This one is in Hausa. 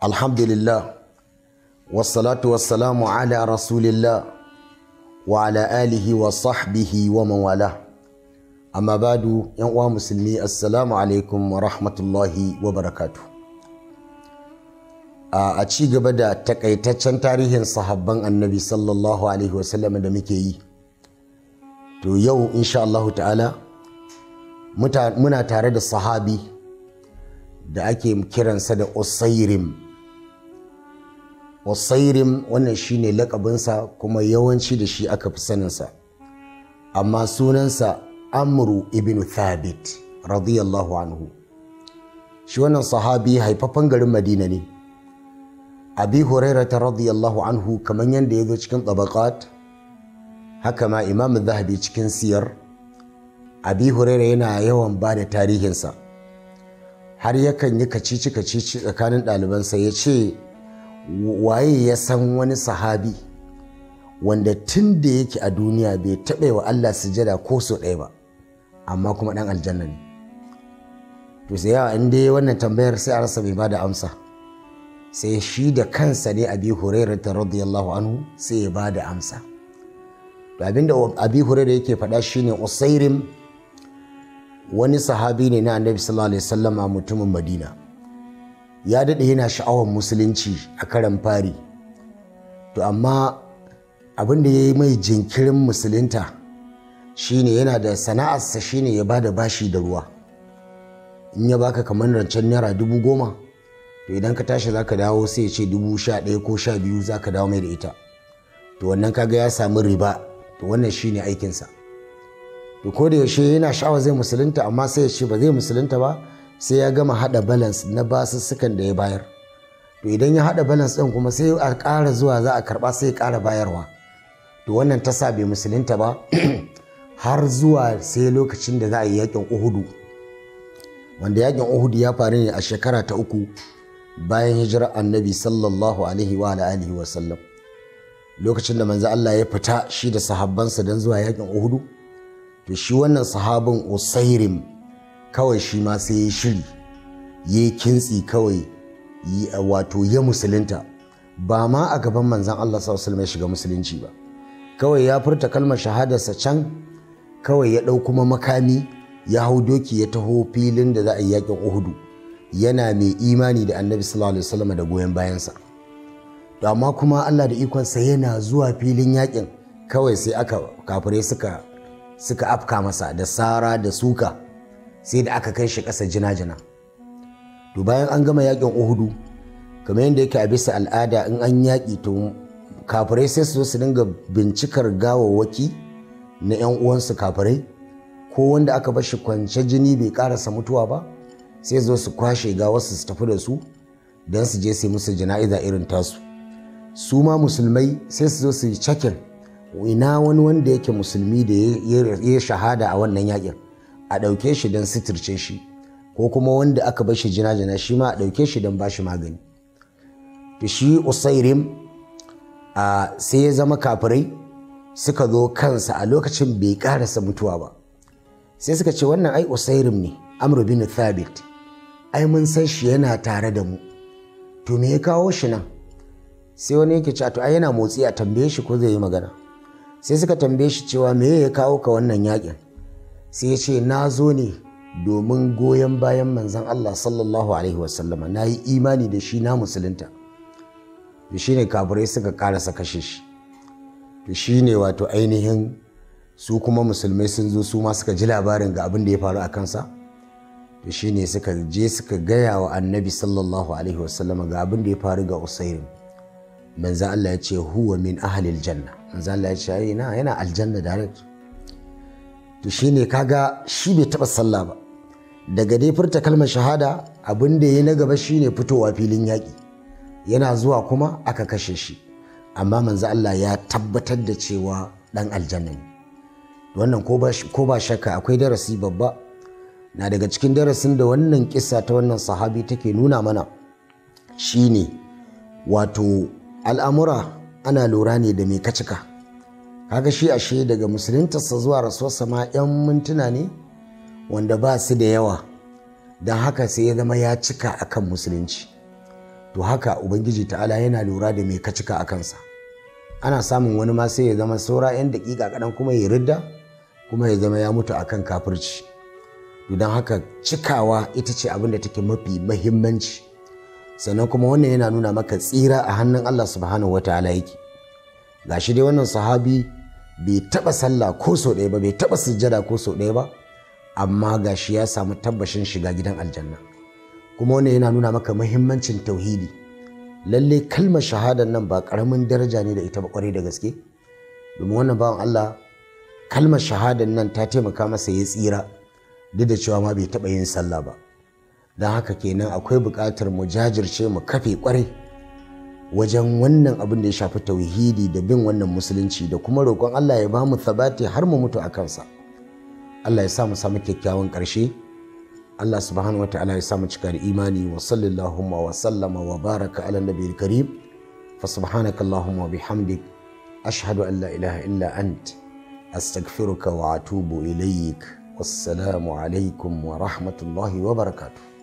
alhamdulillah wassalatu wassalamu ala rasulillah wa ala alihi wa sahbihi wa mawala amma badu yan uwa musulmi assalamu alaikum wa rahmatullahi wa barakatu a ci gaba da takaitaccen tarihin sahabban annabi sallallahu alaihi wasallam da muke yi to yau insha Allahu ta'ala muna tare da sahabi da ake kiransa da usairim wasairim wannan shi ne lakabinsa kuma yawanci da shi aka fi saninsa amma sunansa amru ibn thabit radiyallahu anhu shi wannan sahabi haifafan garin madina ne abi ta radiyallahu anhu kamar yadda ya zo cikin tabaqat haka ma imam zahabi cikin siyar abi huraira yana yawan ba da tarihinsa har yakan yi kacici kacici tsakanin ɗalibansa ya ce waye ya san wani sahabi wanda tun da yake a duniya bai taɓa wa Allah sujada ko so ɗaya ba amma kuma ɗan aljanna ne to sai yawa in dai wannan tambayar sai a rasa mai ba da amsa sai shi da kansa ne abi ta radiyallahu anhu sai ya ba da amsa to abinda abi hurairata yake faɗa shine usairim wani sahabi ne na annabi sallallahu alaihi mutumin madina ya daɗe yana sha'awar musulunci a karan fari to amma abin da ya yi mai jinkirin musulunta shine yana da sana'arsa shine ya bada bashi da ruwa in ya baka kamar rancen naira dubu goma to idan ka tashi za ka dawo sai ya ce dubu sha ɗaya ko sha biyu za ka dawo mai da ita to wannan kaga ya samu riba to wannan shine aikinsa to ko da yaushe yana sha'awar zai musulunta amma sai ya ce ba zai musulunta ba sai ya gama hada balance na basussukan da ya bayar to idan ya hada balance din kuma sai a ƙara zuwa za a karba sai ya ƙara bayarwa to wannan ta sa bai musulunta ba har zuwa sai lokacin da za a yi yakin uhudu wanda yakin uhudu ya faru ne a shekara ta uku bayan hijirar annabi sallallahu alaihi wa alihi wa sallam lokacin da manzo Allah ya fita shi da sahabbansa dan zuwa yakin uhudu to shi wannan sahabin usairim kawai shi ma sai ya shiri ya yi kintsi kawai wato ya musulunta ba ma a gaban manzan Allah ya shiga musulunci ba kawai ya furta kalmar shahadarsa can kawai ya ɗau kuma makami ya hau doki ya taho filin da za a yi yakin uhudu yana mai imani da annabi sallallahu da goyon bayansa to amma kuma Allah da ikonsa yana zuwa filin yakin kawai sai aka kafirai suka suka afka masa da sara da suka sai da aka kai shi ƙasa jina-jina to bayan an gama yakin uhudu kamar yadda yake a bisa al'ada in an yaƙi to kafirai sai su zo su dinga bincikar gawawwaki na 'yan uwansu kafirai ko wanda aka bar shi kwance jini bai karasa mutuwa ba sai zo su kwashe gawarsu su tafi da su don su je su yi musu jana'iza irin tasu su ma musulmai sai su zo su yi cakin ina wani wanda yake musulmi da ya shahada a wannan yakin a ɗauke shi don suturce shi ko kuma wanda aka bar shi jina-jina shi ma a ɗauke shi don ba shi magani to shi usairim a sai ya zama kafirai suka zo kansa a lokacin bai karasa mutuwa ba sai suka ce wannan ai usairim ne amru bin thabit ai mun san shi yana tare da mu to me ya kawo shi nan sai wani yake cewa to ai yana motsi a tambaye shi ko zai yi magana sai suka tambaye shi cewa me ya kawo ka wannan yakin sai ya ce na zo ne domin goyon bayan manzan Allah sallallahu alaihi wasallama na yi imani da shi na musulunta da shi ne kaburai suka karasa kashe shi da shi ne wato ainihin su kuma musulmai sun zo su ma suka ji labarin ga abin da ya faru a kansa da shi ne suka je suka gaya wa annabi sallallahu alaihi wasallama ga abin da ya faru ga usairin manzan Allah ya ce huwa min ahalil janna manzan Allah ya ce yana aljanna direct to shi ne kaga shi bai taɓa sallah ba daga dai furta kalmar shahada abin da ya na gaba shi ne fitowa filin yaƙi yana zuwa kuma aka kashe shi amma manzo Allah ya tabbatar da cewa ɗan aljanna ne wannan ko ba shakka akwai darasi babba na daga cikin darasin da wannan kisa ta wannan sahabi take nuna mana shine wato al'amura ana lura ne da me ka cika kaga shi ashe daga musuluntarsa zuwa rasuwarsa ma 'yan mintuna ne wanda ba su da yawa don haka sai ya zama ya cika akan musulunci to haka ubangiji ta'ala yana lura da mai ka cika a kansa ana samun wani ma sai ya zama saura 'yan daƙiƙa kaɗan kuma ya ridda kuma ya zama ya mutu akan kafirci don haka cikawa ita ce abin da take mafi mahimmanci sannan kuma wannan yana nuna maka tsira a hannun Allah subhanahu wa ta'ala yake gashi dai wannan sahabi bai taba sallah ko sau ɗaya ba bai taba sujjada ko sau ɗaya ba amma ga shi ya samu tabbashin shiga gidan aljanna kuma wannan yana nuna maka muhimmancin tauhidi lalle kalmar shahadar nan ba karamin daraja ne da ita ba kwarai da gaske domin wannan bawan Allah kalmar shahadar nan ta taimaka masa ya tsira duk da cewa ma bai taba yin sallah ba don haka kenan akwai buƙatar mu jajirce mu kafe kwarai wajen wannan abin da ya shafi tauhidi da bin wannan musulunci da kuma roƙon Allah ya ba mu sabati har mu mutu a kansa Allah ya sa mu samu kyakkyawan ƙarshe Allah subhanahu wataala ya sa mu cika da imani wa sallallahu wa sallama wa baraka ala nabiyil karim fa subhanaka allahumma wa bihamdik ashhadu an la ilaha illa ant astaghfiruka wa atubu ilaik wassalamu alaikum wa rahmatullahi wa barakatuh